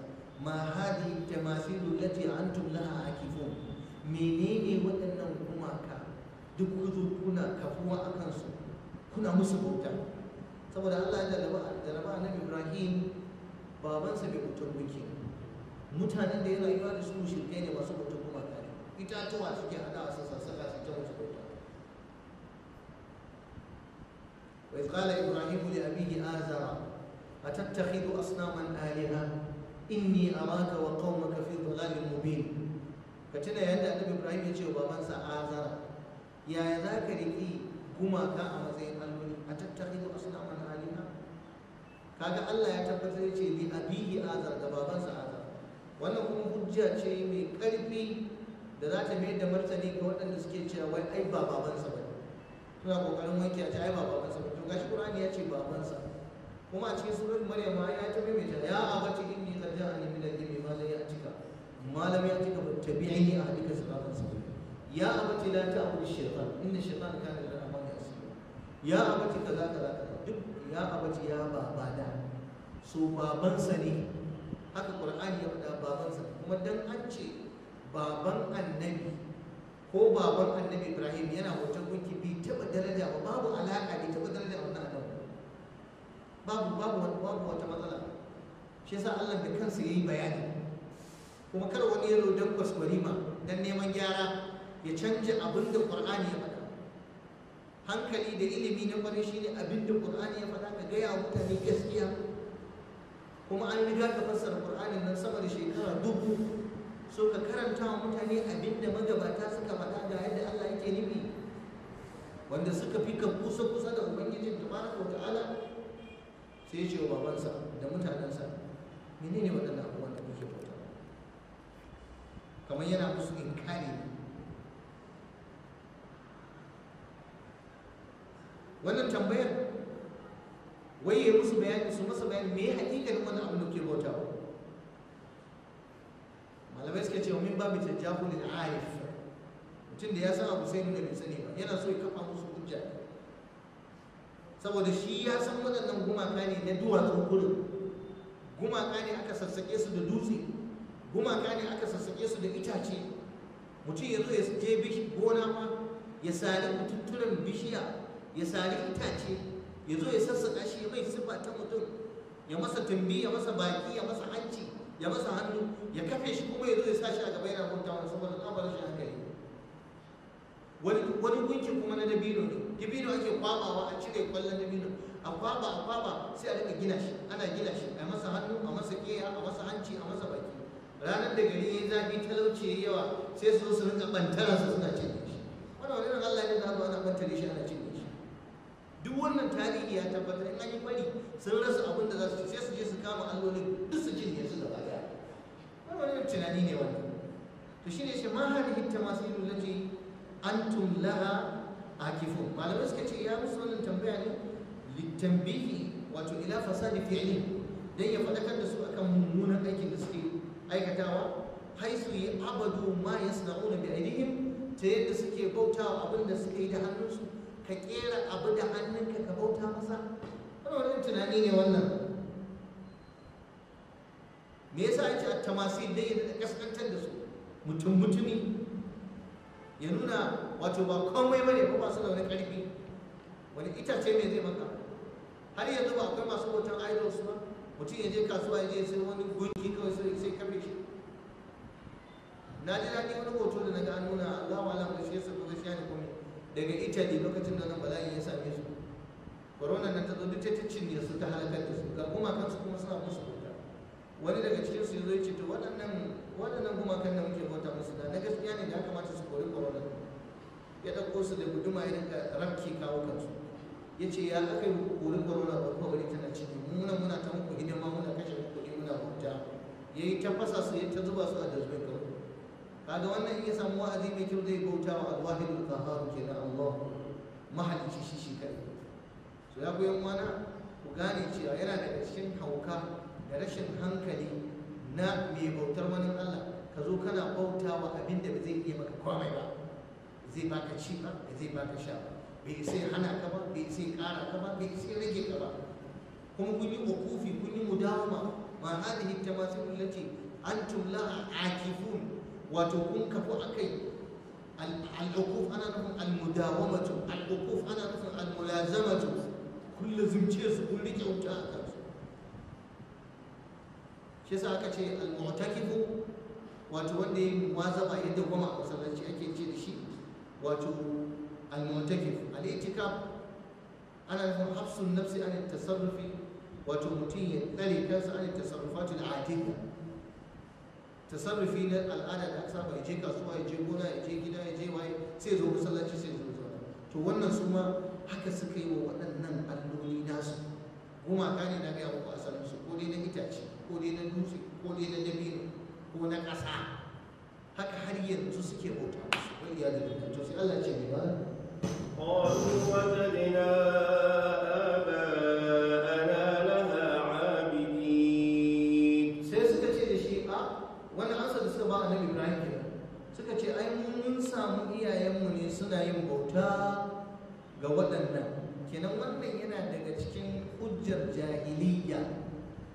ma hadi tamathilu lati antum laha akifun menene waɗannan gumaka duk kuzo kuna kafuwa akan su kuna musu bauta saboda Allah ya jarraba annabi Ibrahim babansa bai mutum muke mutanen da ya rayuwa da su mushrikai ne masu bautar kuma kare. itatuwa suke hadawa su sassaka su ta musu bauta wa iz qala ibrahimu li abihi azara atattakhidhu asnaman alaha inni araka wa qaumaka fi dhalalin mubin ka tuna yadda annabi ibrahim ya ce wa babansa azara yaya za ka riƙi gumaka a matsayin alloli a tattakhidhu asnaman alaha kaga Allah ya tabbatar ya ce li abihi azara da babansa azara wannan kuma hujja ce mai ƙarfi da za ta mai da martani ga waɗanda suke cewa wai ai ba babansa ba suna ƙoƙarin wanke a ta ai ba babansa ba to gashi ƙur'ani ya ce babansa kuma a cikin surar maryam ya ta maimaita ya abati inni qad ja'ani min al-ilmi cika la ya'tika cika lam ya'tika fattabi'ini ahdika siratan sa. ya abati la ta'budu ash-shaytan inda ash-shaytana da lil rahmani asiya ya abati kaza kaza kaza duk ya bace ya ba da so babansa ne haka ƙwar'ani ya faɗa babansa kuma don an ce baban annabi ko baban annabi ibrahim yana hoton gunki bi taba daraja ba babu alaƙa bi taba daraja wannan adam babu babu babu wata matsala shi yasa Allah da kansa yi bayani kuma kar wani yaro kwaskwari ma don neman gyara ya canja abin da ƙwar'ani ya faɗa hankali da ilimi na shi ne abin da ƙwar'ani ya faɗa ka gaya wa mutane gaskiya kuma an riga ka fassara qur'anin nan sama da shekara dubu so ka karanta wa mutane abinda magabata suka faɗa ga yadda Allah yake nufi wanda suka fi ka kusa kusa da ubangijin tabaraka wa ta'ala sai ce wa babansa da mutanensa menene waɗannan abubuwan da kuke bauta kamar yana musu inkari wannan tambayar wai ya musu bayani su masa bayani me hakikalin wannan abin da kuke bautawa malamai suka ce wa min babu tajjahu lil arif mutum da ya san abu sai nuna bai sani ba yana so ya kafa musu hujja saboda shi ya san waɗannan gumaka ne na duwatsun kurin gumaka ne aka sassaƙe su da dutse gumaka ne aka sassaƙe su da itace mutum ya zo ya je gona ma ya sari kututturen bishiya ya sari itace ya zo ya sassaka shi ya mai siffa ta mutum ya masa tumbi ya masa baki ya masa hanci ya masa hannu ya kafe shi kuma ya zo ya sa shi a gaba yana bauta wani saboda tsabar shi hankali wani gunki kuma na dabino ne dabino ake kwabawa a cire kwallon dabino a kwaba a kwaba sai a rika gina shi ana gina shi a masa hannu a masa keya a masa hanci a masa baki ranar da gari yayi zafi talauci yayi yawa sai su zo su rinka bantara su suna cin shi wannan wani Allah ne da ana bantare shi ana cin duk wannan tarihi ya tabbatar in an yi fari sun rasa abin da za su sai su je su kama allolin duk su cinye su gaba daya wani tunani ne wani. to shi ne shi ma hadihin tamasilu an antum laha kifo malamai suka ce ya musu wannan tambaya ne littambihi wato ila fasadi fi'li dan ya fadakar da su akan mummunan aikin da suke aikatawa haisu yi abadu ma yasna'una bi aidihim ta yadda suke bautawa abin da suka yi da hannunsu ka kera abu da hannunka ka bauta masa wani wani tunani ne wannan me yasa ake a tamasi da yin da kaskantar da su mutum mutumi ya nuna wato ba komai ne ko ba su da wani karfi wani itace mai zai maka har yanzu ba akwai masu hoton idols ba mutum ya je kasuwa ya je sai wani gunki kawai sai sai kafe shi na ji daɗi wani hoto da na ga nuna Allah wa alam da shi ya sabu gaskiya ne kuma daga italy lokacin da za a ya same su corona na ta zo duk ta cinye su ta halakar da su ga gumakan kansu kuma suna musu bauta wani daga cikin su yazo ya ce to waɗannan waɗannan gumakan da muke bauta musu da na gaskiya ne da aka mata su kori corona ya ɗauko su da guduma ya dinga ramke kawo kansu ya ce ya aka yi kori corona ba kuma wani tana cinye muna muna ta muku hidima muna kashe muku kuɗi muna bauta ya yi ta fasa su ya ta zuba su a dazbin kawai kaga wannan iya samu wa'azi mai kyau zai bauta wa alwahidul qahhar kenan Allah mahalicci shi shi kai so ya ku yanwana ku gane cewa yana daga cikin hauka da rashin hankali na mai bautar wani Allah ka zo kana bauta wa abin ba zai iya maka komai ba zai baka ci ba zai baka sha ba bai sai hana ka ba bai sai kara ka ba bai sai rage ka ba kuma kun yi wakufi kun yi ma wato kun kafu akai al-uquf ana nufin al-mudawamatu al-uquf ana nufin al-mulazamatu kullu zumce su kun rike wuta a kansu shi yasa aka ce al-mu'takifu wato wanda ya muwazaba yadda dawwama a masallaci ake ce da shi wato al-mu'takif al-i'tikaf ana nufin hafsun nafsi an at-tasarrufi wato mutum ya tsare kansa an at-tasarrufatil 'adiyya tasarrufi na al'ada da aka saba ya je kasuwa ya je gona ya je gida ya je waye sai zo masallaci sai zo zuwa to wannan su ma haka suka yi wa waɗannan alloli nasu gumaka ne na gaya muku asalin su ko dai na itace ko dai na dutse ko dai na dabino ko na ƙasa haka har yanzu suke bauta musu wani ya da to sai Allah ce ne ba قالوا وجدنا iyayenmu ne suna yin bauta ga waɗannan kenan wannan yana daga cikin hujjar jahiliya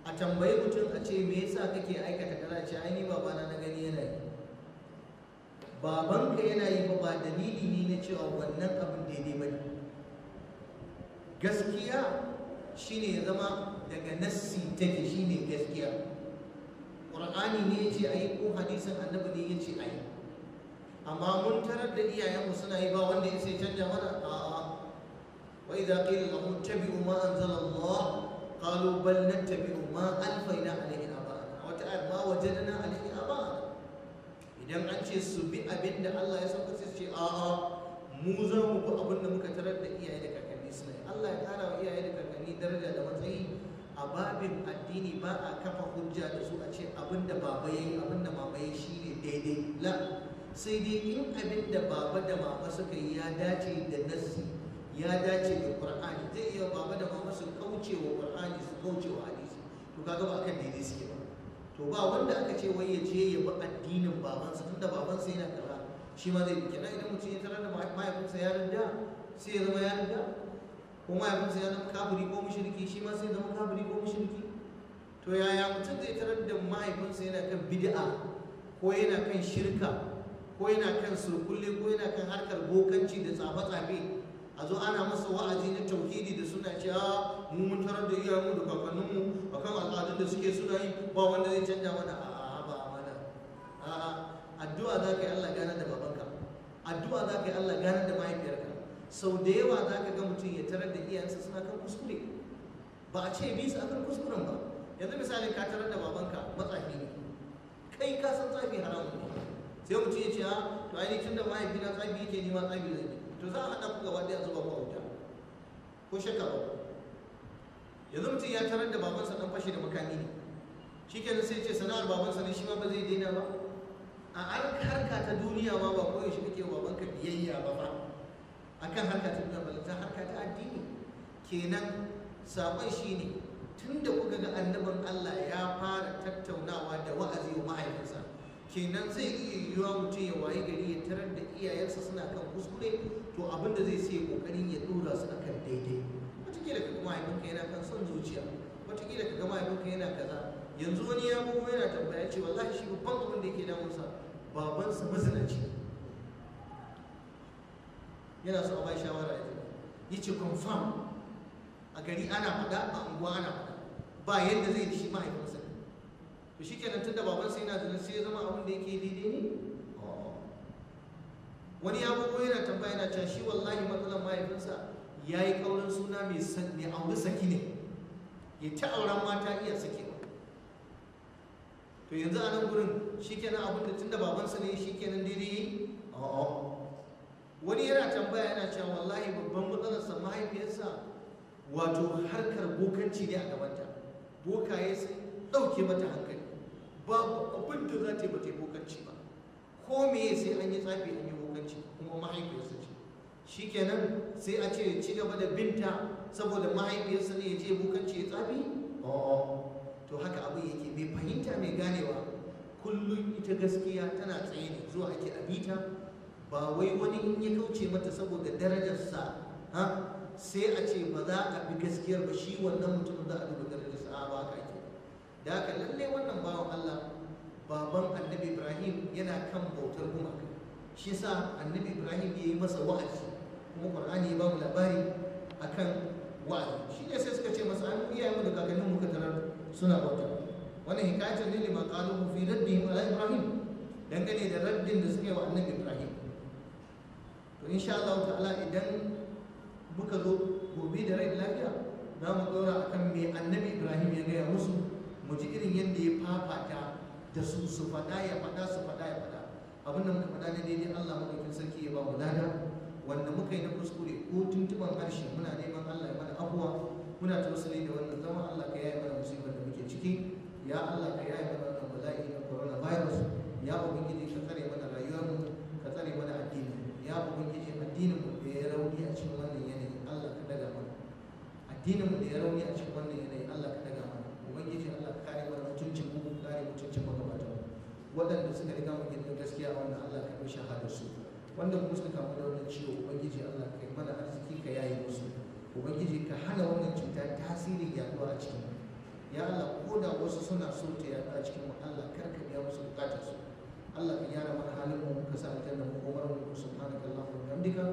a tambayi mutum a ce me yasa kake aikata kaza ce ai babana na gani yana yi babanka yana yi ba dalili ne na cewa wannan abin daidai ba ne gaskiya shine ya zama daga nassi take shine gaskiya ƙur'ani ne ya ce a yi ko hadisin annabi ne ya ce a yi amma mun tarar da iyayenmu suna yi ba wanda ya sai canja mana a'a wa idza qila lahum tabi'u ma anzala Allah qalu bal nattabi'u ma alfayna alayhi aba'ana wata ayat ma wajadna alayhi aba'ana idan an ce su bi abinda Allah ya sauka sai su ce a, mu za mu bi abin da muka tarar da iyaye da kakanni suna yi Allah ya kara wa iyaye da kakanni daraja da matsayi a babin addini ba a kafa hujja da su a ce abin da baba yayi abin da mama yayi shine daidai la sai dai in abin da baba da mama suka yi ya dace da nassi ya dace da qur'ani zai iya baba da mama su kauce wa qur'ani su kauce wa hadisi to kaga ba kan daidai suke ba to ba wanda aka ce wai ya je ya bi addinin baban sa tunda sa yana kaza shi ma zai bi na idan mutum ya tarar da mahaifinsa ya rinda sai ya zama ya rinda ko mahaifinsa ya zama kafiri ko mushriki shi ma sai ya zama kafiri ko mushriki to yaya mutum zai tarar da mahaifinsa yana kan bid'a ko yana kan shirka ko yana kan surkulle ko yana kan harkar bokanci da tsafe-tsafe a zo ana masa wa'azi na tauhidi da suna cewa ah, mu mun tarar da iyayenmu da kakanninmu kan al'adun da suke suna yi ba wanda zai canja mana a ba mana a addu'a za ka yi Allah gane da babanka addu'a za ka yi Allah gane da mahaifiyarka sau da yawa za ka ga mutum ya tarar da iyayensa suna kan kuskure ba a ce bi su akan kuskuren ba yanzu misali ka tarar da babanka matsafi ne kai ka san tsafi haramun ne sai mutum ya ce a ah, to ai tun da mahaifi na tsabi yake nima tsabi zai to za a haɗa ku gaba ɗaya zuba bauta? ko shakka ba yanzu mutum ya tarar da babansa ɗan fashe da makami ne shi kenan sai ce sana'ar babansa ne shi ma ba zai daina ba a an harka ta duniya ma ba ko yaushe kake babanka biyayya ba ba akan harka ta duniya ba ta harka ta addini kenan sabon shi ne tun da kuka ga annabin Allah ya fara tattaunawa da wa'azi wa mahaifinsa kenan zai iya yiwuwa mutum ya waye gari ya tarar da iyayensa suna kan kuskure to abin da zai sai kokarin ya dora su akan daidai wataƙila ka gama mahaifinka yana kan son zuciya wataƙila ka gama mahaifinka yana kaza yanzu wani ya kuma yana tambaya ce wallahi shi babban abin da yake baban sa mazinaci yana so a bai shawara ya yi confirm a gari ana faɗa a unguwa ana faɗa ba yadda zai shi mahaifinsa to shi kenan tunda babansa yana zina sai ya zama abin da yake daidai ne wani ya bugo yana tambaya yana cewa shi wallahi matsalan mahaifinsa ya yi kaurin suna mai auri saki ne ya ta auren mata iya saki ba. to yanzu a nan gurin shi kenan abin da tunda babansa ne shi kenan daidai yi wani yana tambaya yana cewa wallahi babban matsalarsa mahaifiyarsa wato harkar bokanci ne a gabanta bokaye sai ɗauke mata hankali babu abin da za ta yi ba ta ba ko meye sai an yi tsafi an yi bokanci kuma mahaifiyarsa ce shi kenan sai a ce ci gaba da binta saboda mahaifiyarsa ne ya je bokanci ya tsafi to haka abin yake mai fahimta mai ganewa kullum ita gaskiya tana tsaye ne zuwa ake abita ba wai wani in ya kauce mata saboda darajarsa ha sai a ce ba za a bi gaskiyar ba shi wannan mutum za a duba darajarsa a ba ka ke da haka lalle wannan bawan Allah baban annabi Ibrahim yana kan bautar gumaka shi yasa annabi Ibrahim ya yi masa wa'azi kuma Qur'ani ya ba mu labari akan wa'azi shi ne sai suka ce masa an iyaye mu da kakannin muka tarar suna bauta wannan hikaya ne lima qalu fi raddihim ala Ibrahim dangane da raddin da suke yi wa annabi Ibrahim to insha Allah ta'ala idan muka zo gobe da rai lafiya za mu dora akan me annabi Ibrahim ya gaya musu mu ji irin yadda ya fafata da su su faɗa ya faɗa su faɗa ya faɗa abin da muka fada na daidai Allah madaukin sarki ya ba mu lada wanda muka yi na kuskure ko tuntuban harshe muna neman Allah ya mana abuwa muna tausayi da wannan zama Allah ka yaye mana musibar da muke ciki ya Allah ka yaye mana wannan bala'i na virus? ya ubangiji ka tsare mana rayuwarmu ka tsare mana addini ya ubangiji addinin mu da ya rauni a cikin wannan yanayi Allah ka daga mana addinin mu da ya rauni a cikin wannan yanayi Allah ka ubangiji Allah ka kare mana mutuncin mu ka kare mutuncin magabatan mu suka riga mu gidan gaskiya wannan Allah ka bar shahadar su wanda kuma suka kamu da wannan ciwo ubangiji Allah ka yi mana arziki ka yaye musu ubangiji ka hana wannan cuta tasirin yaduwa a cikin mu ya Allah ko da wasu suna so ta yaɗa a cikin mu Allah kar ka biya musu bukatar su Allah ka gyara mana halin mu ka sa aljanna mu ko mara mu subhanakallahumma wa bihamdika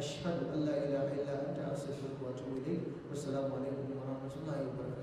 ashhadu an la ilaha illa anta astaghfiruka wa atubu ilayk wassalamu alaikum wa rahmatullahi wa barakatuh